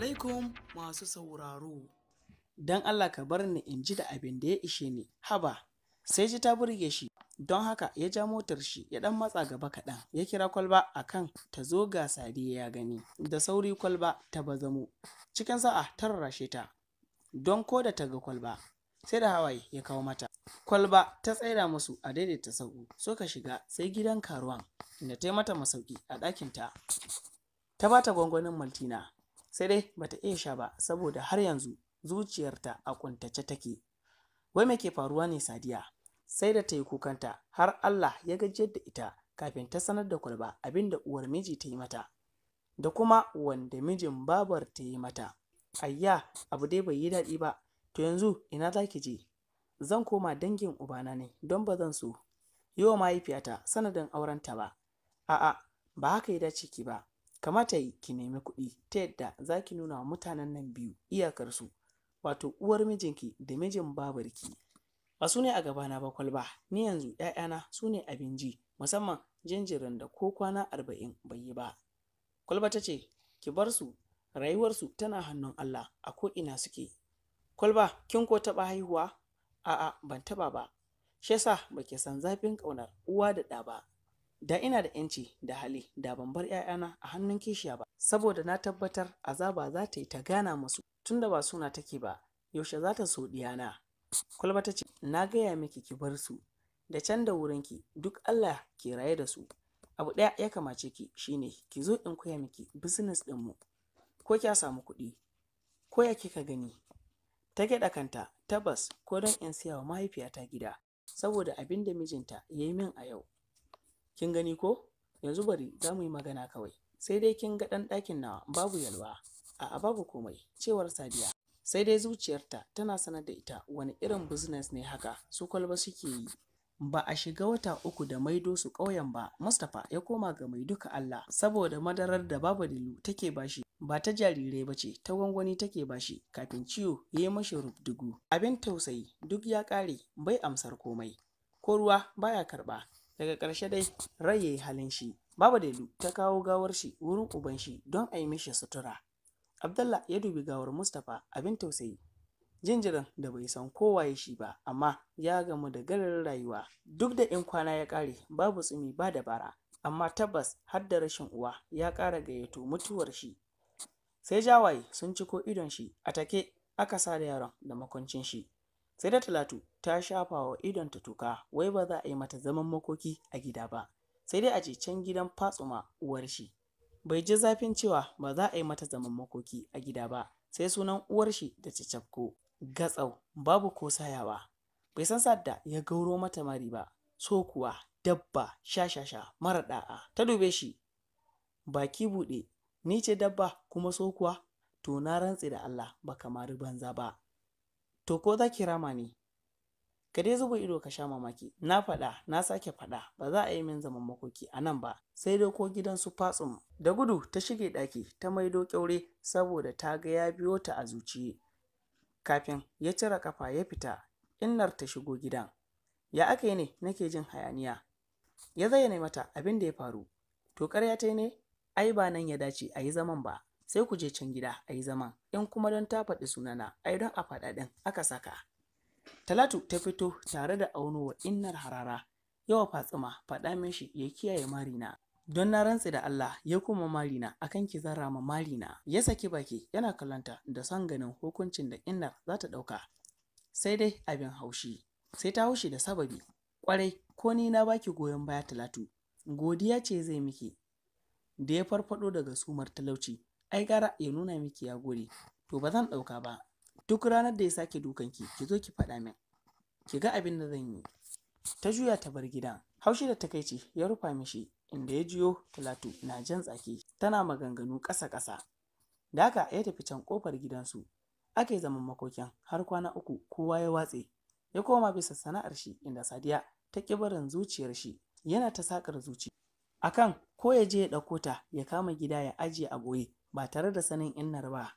alaikum masu sauraro. Don Allah ka bar ni in ji da abin da ya ishe ni, haba, sai ji ta burge shi, don haka ya ja motar shi ya ɗan matsa gaba kaɗan, ya kira kwalba a kan ta zo ga sadi ya gani, da sauri kwalba ta bazamo, cikin sa'a ta rarrashe ta, don ko da ta ga kwalba, sai da hawaye ya kawo mata. Kwalba ta tsaida musu a daidaita So ka shiga sai gidan karuwan, inda ta yi mata masauki a ɗakinta. ta ba ta gwangwanin maltina sai dai bata iya sha ba saboda har yanzu zuciyarta a kuntace take wai me ke faruwa ne sadiya sai da ta yi kukanta har Allah ya gajiyar da ita kafin ta sanar da kwalba abin da uwar miji ta yi mata da kuma wanda mijin babar ta yi mata ayya abu dai bai yi daɗi ba to yanzu ina za ki je zan koma dangin ubana ne don ba zan so yi wa mahaifiyata sanadin aurenta ba a'a ba haka ya dace ki ba kamata yi ki nemi kuɗi ta yadda za ki nuna wa mutanen nan biyu iyakarsu wato uwar mijinki da mijin babarki ba su ne a gabana ba kwalba ni yanzu ‘ya'yana su ne abin ji musamman jinjirin da ko kwana arba'in bai yi ba kwalba ta ce ki bar su rayuwarsu tana hannun Allah a ko ina suke kwalba kin ko taɓa haihuwa a'a ban taɓa ba shi yasa baki san zafin ƙaunar uwa da ɗa ba da ina da yanci da hali da ban bar 'ya'yana a hannun kishiya ba saboda na tabbatar azaba za ta yi ta gana musu tunda ba suna take ba yaushe za ta so diyana kwalba ta ce na gaya miki ki bar su da can da wurin ki, duk Allah ke raye da su abu ɗaya ya kamace ki shine ki zo in koya miki business mu. ko kya samu kuɗi ko ya kika gani ta gyaɗa kanta tabbas ko don in siya wa mahaifiyata gida saboda abinda mijinta ya yi min a yau kin gani ko yanzu bari za mu yi magana kawai sai dai kin ga ɗan ɗakin nawa babu yalwa a'a babu komai cewar sadiya sai dai zuciyarta tana sanar da ita wani irin business ne haka su kwalba suke yi ba a shiga wata uku da maido su ƙauyen ba mustapha ya koma ga mai duka allah saboda madarar da babu dilu take bashi ba ta jarirai ba ce ta gwangwani take bashi kafin ciwo ya yi mashi rubdugu abin tausayi duk ya ƙare bai amsar komai ko ruwa baya karɓa daga ƙarshe dai rai ya yi halin shi Babu delu ta kawo gawar shi wurin uban shi don a yi mishi sutura abdalla ya dubi gawar mustapha abin tausayi jinjirin da bai san kowa ya shi ba amma ya gamu da galar rayuwa duk da in kwana ya ƙare babu tsumi ba dabara amma tabbas har da rashin uwa ya ƙara gayyato mutuwar shi sai jawaye sun ciko idon shi a take aka sa da yaron da makuncin shi sai da talatu ta shafa wa idonta tuka wai ba za a yi mata zaman makoki a gida ba sai dai a je can gidan fatsuma uwar shi bai ji zafin cewa ba za a yi mata zaman makoki a gida ba sai sunan uwar shi da cafko gatsau babu ko sayawa bai san sadda ya gauro mata mari ba so kuwa dabba shashasha mara da'a ta dube shi baki buɗe ni ce dabba kuma so kuwa to na rantse da Allah ba kamar banza ba to ko za ki rama ne ka dai zuba ido ka sha mamaki na faɗa na sake faɗa ba za a yi min zaman makoki a nan ba sai dai ko gidan su fatsum da gudu ta shige ɗaki ta maido kyaure saboda ta ga ya biyo ta a zuciye kafin ya cire kafa ya fita innar ta shigo gidan ya aka yi ne nake jin hayaniya ya zayyana mata abin da ya faru to ƙarya ta ne ai ba nan ya dace a yi zaman ba sai ku je can gida a yi zaman in kuma don ta faɗi sunana ai don a faɗa ɗin aka saka talatu ta fito tare da auno wa innar harara yawa fatsima faɗa min shi ya kiyaye marina don na rantsu da Allah ya kuma marina akan ki zara ma marina ya saki baki yana kallonta da son ganin hukuncin da innar za ta ɗauka sai dai abin haushi sai ta haushi da sababi kwarai ko ni na baki goyon baya talatu godiya ce zai miki da ya farfado daga sumar talauci ai gara ya nuna miki ya gode to ba zan ɗauka ba duk ranar da ya sake dukanki ki zo ki faɗa min ki ga abin da zan yi ta juya ta bar gidan haushi da takaici ya rufa mishi inda ya jiyo talatu na jan tsaki tana maganganu ƙasa-ƙasa da haka ya tafi can ƙofar gidansu ake zaman makokin har kwana uku kowa ya watse ya koma bisa sana'ar shi inda sadiya ta barin zuciyar shi yana ta saƙar zuci akan ko ya je ya ɗauko ta ya kama gida ya ajiye a boye ba tare da sanin innar ba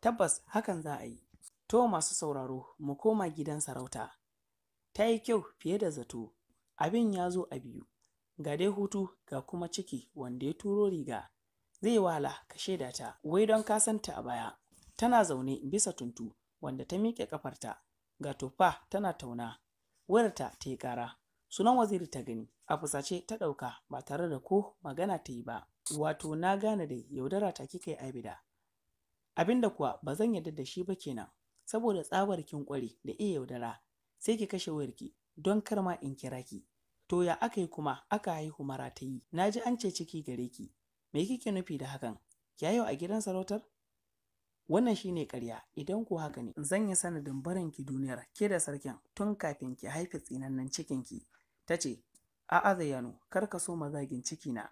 tabbas hakan za a yi to masu sauraro mu koma gidan sarauta ta yi kyau fiye da zato abin ya zo a biyu ga dai hutu ga kuma ciki wanda ya turo riga zai wala ka shaida ta wai don kasanta a baya tana zaune bisa tuntu wanda ta miƙe kafarta ga tuffa tana tauna wayarta ta yi ƙara sunan waziri ta gani a fusace ta ɗauka ba tare da ko magana ta yi ba Wato na gane dai yaudara ta kika yi Abida, abinda kuwa ba zan yarda da shi ba kenan, saboda tsabar kin kwari da iya yaudara sai ki kashe wayarki don kar ma in kira ki. To ya aka yi kuma aka haihu mara ta yi, na ji an ce ciki gare ki, me kike nufi da hakan? Ya yau a gidan sarautar? Wannan shine ne ƙarya, idan ku haka ne, zan yi sanadin barin ki duniyar ke da sarkin tun kafin ki haifi tsinannen ki? Ta ce, A'a Zayyano, kar ka so mazagin ciki na,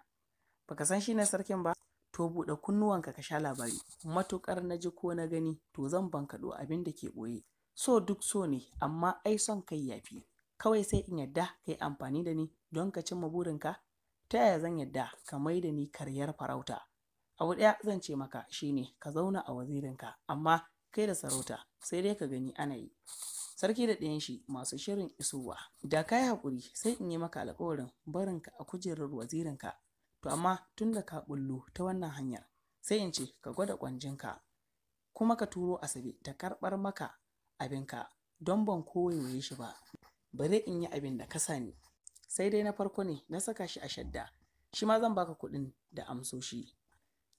baka san shi shine sarkin ba to buɗe kunnuwanka ka sha labari matukar na ji ko na gani to zan bankaɗo abin da ke ɓoye so duk so ne amma ai son kai yafi kawai sai in yadda ka yi amfani da ni don ka cimma burinka ta yaya zan yadda ka mai da ni karyar farauta abu daya zan ce maka shine ka zauna a wazirinka amma kai da sarauta sai dai ka gani ana yi sarki da ɗayan shi masu shirin isowa da kai haƙuri sai in yi maka alƙawarin barinka a kujerar wazirinka To amma tun da ka bullo ta wannan hanyar sai in ce ka gwada kwanjinka kuma ka turo asabe ta karɓar maka abinka don ban koyaye shi ba. Bari in yi abin da ka sani. Sai dai na farko ne na saka shi a shadda shi ma zan baka kuɗin da amsoshi.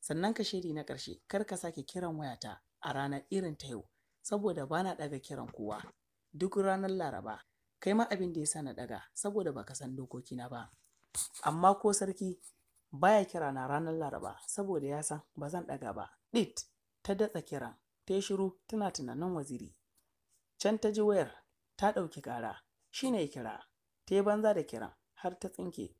Sannan ka shiri na ƙarshe kar ka sake kiran wayata a ranar irin ta yau saboda bana ɗaga kiran kowa duk ranar laraba kai ma abin da ya sa na ɗaga saboda baka san dokokina ba amma ko sarki baya kira na ranar laraba saboda ya san ba zan daga ba ɗit ta datsa kiran ta yi shiru tana tunanin waziri can ta ji wayar ta ɗauki kara? shi ne kira ta yi banza da kiran har ta tsinke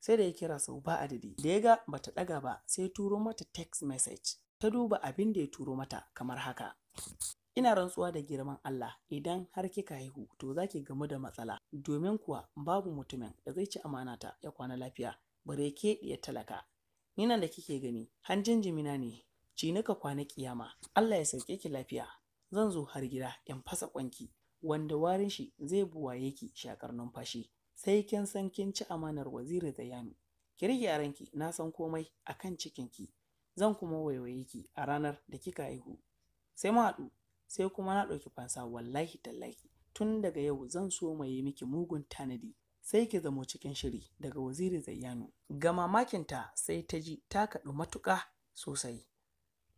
sai da ya kira sau ba adadi da ya ga ba ta ɗaga ba sai turo mata text message ta duba abin da ya turo mata kamar haka ina rantsuwa da girman Allah idan har kika haihu to zaki gamu da matsala domin kuwa babu mutumin da zai ci amanata ya kwana lafiya bareke ɗiya talaka ni nan da kike gani hanjin jimina ne ci nika kwana kiyama Allah ya sauke ki lafiya zan zo har gida in fasa kwanki wanda warin shi zai buwaye ki shakar numfashi sai kin san kin ci amanar waziri da yami ki rike yaranki na san komai akan ki. zan kuma waiwaye ki a ranar da kika haihu sai mu haɗu sai kuma na ɗauki fansa wallahi tallahi tun daga yau zan so mai miki mugun tanadi sai ki zamo cikin shiri daga waziri zayyano ga mamakinta sai ta ji ta kaɗu matuƙa sosai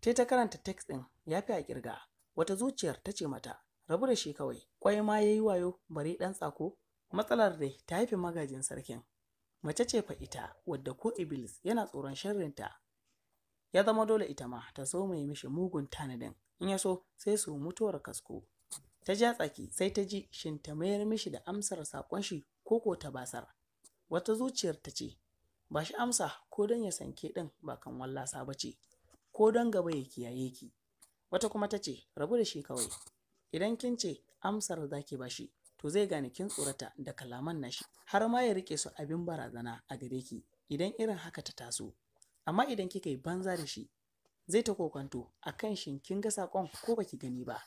ta ta karanta text ɗin ya fi a ƙirga wata zuciyar ta ce mata rabu da shi kawai kwai ma ya yi wayo bari ɗan tsako matsalar dai ta haifi magajin sarkin mace ce fa ita wadda ko iblis yana tsoron sharrinta ya zama dole ita ma ta so mai mishi mugun tanadin in ya so sai su mutuwar kasko ta ja tsaki sai ta ji shin ta mayar mishi da amsar saƙon shi Koko ta basar wata zuciyar ta ce ba shi amsa ko don ya sanke ɗin ba kan wallasa ba ce ko don gaba ya kiyaye ki wata kuma ta ce rabu da shi kawai idan kin ce amsar za ki bashi to zai gane kin tsorata da kalaman na shi. har ma ya rike su abin barazana a gare ki idan irin haka ta taso amma idan kika yi banza da shi zai ta kokonto a kan shin kin ga sakon ko baki gani ba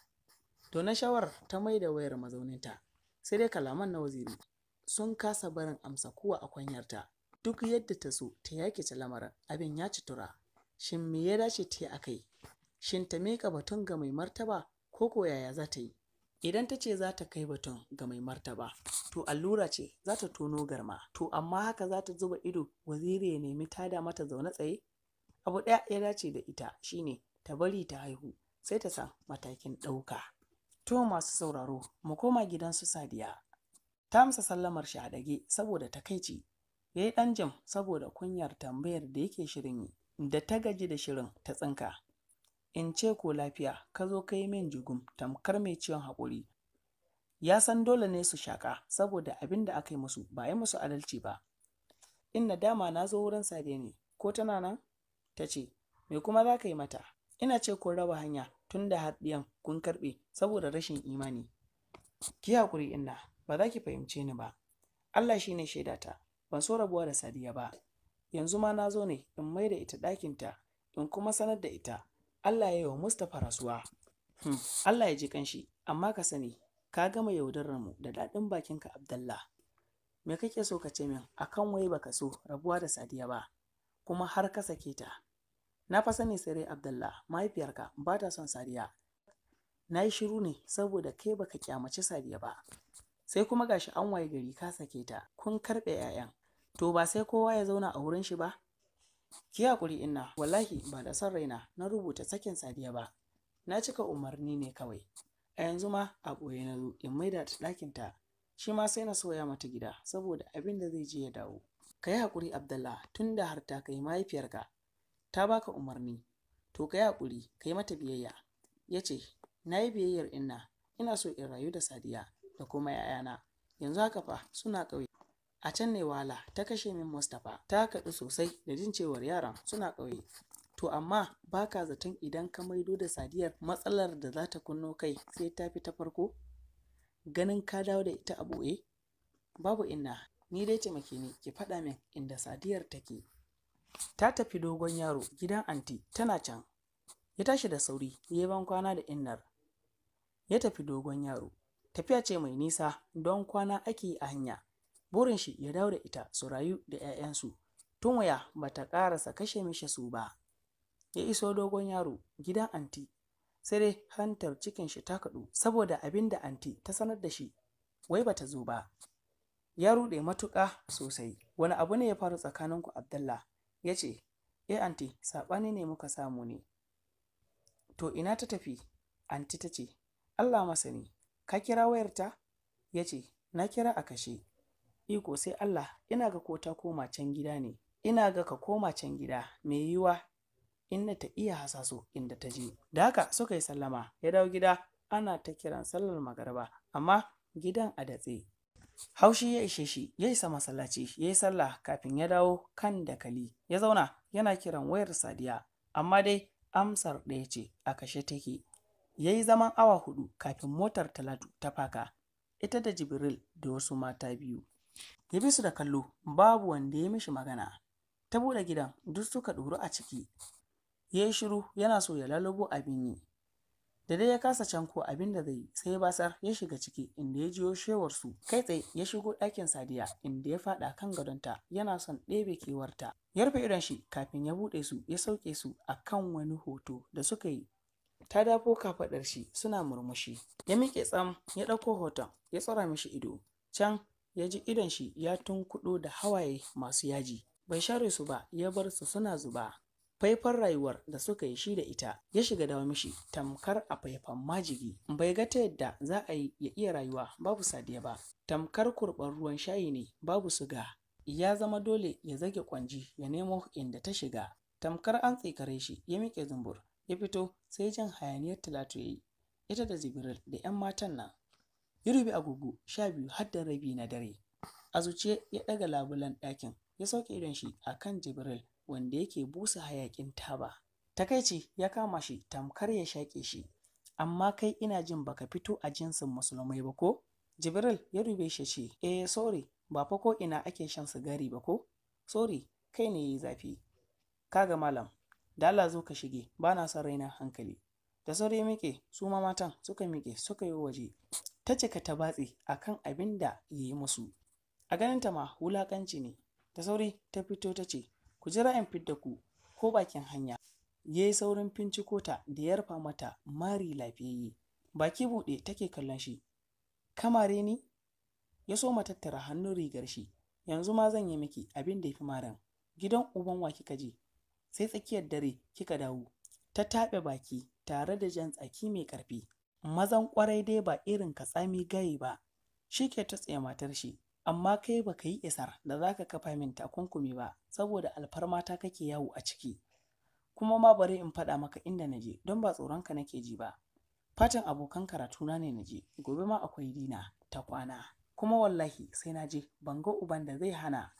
to na shawar ta mai da wayar mazauninta sai dai kalaman na waziri sun kasa barin amsa kuwa a kwanyarta duk yadda ta so ta yake ta lamarin abin ya ci tura shin me ya dace ta a kai shin ta mika batun ga mai martaba ko ko yaya za ta yi idan ta ce za ta kai batun ga mai martaba to allura ce za ta tono garma to amma haka za ta zuba ido waziri ya nemi tada mata zaune tsaye abu ɗaya ya dace da ita shine ta bari ta haihu sai ta san matakin ɗauka to masu sauraro mu koma gidan su sadiya ta masa sallamar shi a ɗage saboda takaici ya yi ɗan jam saboda kunyar tambayar da yake shirin yi da ta gaji da shirin ta tsinka in ce ko lafiya ka zo ka yi min jugum tamkar mai ciwon haƙuri ya san dole ne su shaƙa saboda abin da aka yi musu ba yi musu adalci ba in na dama na zo wurin sade ne ko tana nan ta ce me kuma za ka yi mata ina ce ko raba hanya tun da har kun karɓe saboda rashin imani ki haƙuri inna ba za ki fahimce ni ba Allah shi ne shaidata ban so rabuwa da sadiya ba yanzu ma na zo ne in mai da ita ɗakinta in kuma sanar da ita Allah ya yi wa Mustapha rasuwa hmm, Allah ya ji kanshi amma ka sani ka gama yaudarar mu da daɗin bakinka Abdallah me kake so ka ce min akan wai baka so rabuwa da sadiya ba kuma har ka sake ta na fa sani sai Abdallah mahaifiyarka ba ta son sadiya na yi shiru ne saboda kai baka kyamaci sadiya ba sai kuma gashi an waye gari ka sake ta kun karɓe 'ya'yan to ba sai kowa ya zauna a wurin shi ba ki hakuri inna wallahi ba da son raina na rubuta sakin sadiya ba na cika umarni ne kawai a yanzu ma a ɓoye na zo in maida ta ɗakin ta shi ma sai na soya mata gida saboda abin da zai je ya dawo ka yi hakuri abdallah tun da har ta kai mahaifiyarka ta baka umarni to ka yi hakuri ka yi mata biyayya ya ce na yi biyayyar inna ina so in rayu da sadiya da kuma ‘ya'yana yanzu haka fa suna ƙauye a can ne wahala ta kashe min mustapha ta kaɗu sosai da jin cewar yaran suna ƙauye to amma baka zaton idan ka maido da sadiyar matsalar da za ta kunno kai sai ta fi ta farko ganin ka dawo da ita a boye babu inna ni dai taimake ni ki faɗa min inda sadiyar take ta tafi dogon yaro gidan anti tana can ya tashi da sauri ya ban kwana da innar ya tafi dogon yaro Tafiya ce mai nisa don kwana ake yi a hanya. Burin shi ya dawo da ita su rayu da 'ya'yansu. Tun waya ba ta sa kashe mishi su ba. Ya iso dogon yaro gidan anti sai dai hantar cikin shi ta kaɗu saboda abin da anti ta sanar da shi wai ba ta zo ba. Ya ruɗe matuƙa sosai. Wani abu ne ya faru tsakaninku Abdallah? Ya ce, Eh anti, saɓani ne muka samu ne. To ina ta tafi? Anti ta ce, Allah masani, ka kira wayarta ya ce na kira a kashe iko sai allah ina ga ko ta koma can gida ne ina ga ka koma can gida mai yiwa inna ta iya hasaso inda ta je da haka suka yi sallama ya dawo gida ana ta kiran sallar magaraba amma gidan a datse haushi ya ishe shi ya isa masallaci ya yi sallah kafin ya dawo kan dakali ya zauna yana kiran wayar sadiya amma dai amsar ɗaya ce a kashe take ya yi zaman awa hudu kafin motar talatu ta faka ita da jibril da wasu mata biyu ya bi su da kallo babu wanda ya mishi magana ta buɗe gidan duk suka ɗoru a ciki ya yi shiru yana so ya lalubo abin yi da dai ya kasa can ko abin da zai yi sai basar ya shiga ciki inda ya jiyo shewar su kai tsaye ya shigo ɗakin sadiya inda ya faɗa kan gadonta yana son ɗebe kewarta ya rufe idon shi kafin ya buɗe su ya sauke su akan wani hoto da suka yi ta dafo kafaɗar shi suna murmushi ya miƙe tsam ya ɗauko hoton ya tsara mishi ido can ya ji idon shi ya tunkuɗo da hawaye masu yaji bai share su ba ya bar su suna zuba faifan rayuwar da suka yi shi da ita ya shiga da mishi tamkar a faifan majigi bai ga ta yadda za a yi ya iya rayuwa babu sadiya ba tamkar kurɓar ruwan shayi ne babu suga ya zama dole ya zage kwanji ya nemo inda ta shiga tamkar an tsikare shi ya miƙe zumbur ya fito sai jan hayaniyar talatu ya yi ita da jibril da 'yan matan nan ya rubi agogo sha biyu har da rabi na dare a zuciya ya ɗaga labulan ɗakin ya sauke idon shi a kan jibril wanda yake busa hayakin taba takaici ya kama shi tamkar ya shaƙe shi amma kai ina jin baka fito a jinsin musulmai ba ko jibril ya rube shi ce eh sorry ba fa ko ina ake shan sigari ba ko Sori, kai ne yayi zafi Ka ga malam da Allah zo ka shige ba na son raina hankali da sauri ya miƙe su ma matan suka miƙe suka yi waje ta cika ta batse a kan abin da ya yi musu a ganinta ma wulakanci ne da sauri ta fito ta ce ku jira in fidda ku ko bakin hanya ya yi saurin finciko ta da ya rufa mata mari lafiyayye baki buɗe take kallon shi kamare ni ya so ma tattara hannun rigar shi yanzu ma zan yi miki abin da ya fi marin. gidan uban wa kika je sai tsakiyar dare kika dawo ta taɓe baki tare da jan tsaki mai ƙarfi mazan ƙwarai dai ba irin ka tsami gaye ba shi ke ta tsaye matar shi amma kai ba ka yi isar da za ka kafa min takunkumi ba saboda alfarma ta kake yawo a ciki kuma ma bari in faɗa maka inda na je don ba tsoronka nake ji ba fatan abokan karatuna ne na je gobe ma akwai dina ta kwana kuma wallahi sai na je ban ga uban da zai hana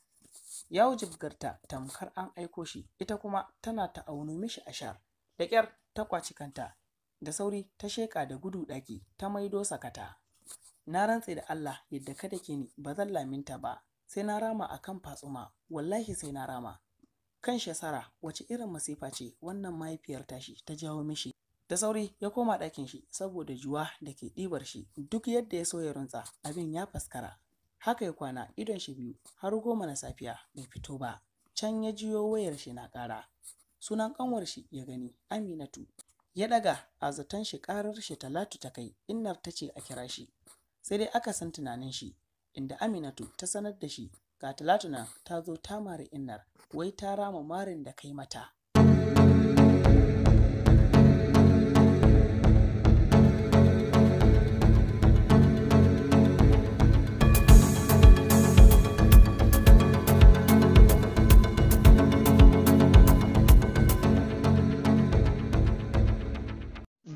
ya wujibgarta tamkar an aiko shi ita kuma tana ta aunu mishi shar. da ƙyar ta kwaci kanta da sauri ta sheƙa da gudu ɗaki ta maido sakata na rantse da Allah yadda kada ke ni ba zan laminta ba sai na rama a kan fatsuma wallahi sai na rama kan shasara wace irin masifa ce wannan mahaifiyar tashi ta jawo mishi da sauri ya koma ɗakin shi saboda juwa da ke ɗibar shi duk yadda ya so ya runtsa abin ya faskara Haka ya kwana idon shi biyu har goma na safiya bai fito ba. Can ya jiyo wayar shi na ƙara. Sunan ƙanwar shi ya gani Aminatu. Ya ɗaga a zaton shi ƙarar shi Talatu ta kai innar ta ce a kira shi. Sai dai aka san tunanin shi inda Aminatu ta sanar da shi ga Talatu nan ta zo ta mari innar wai ta rama marin da kai mata.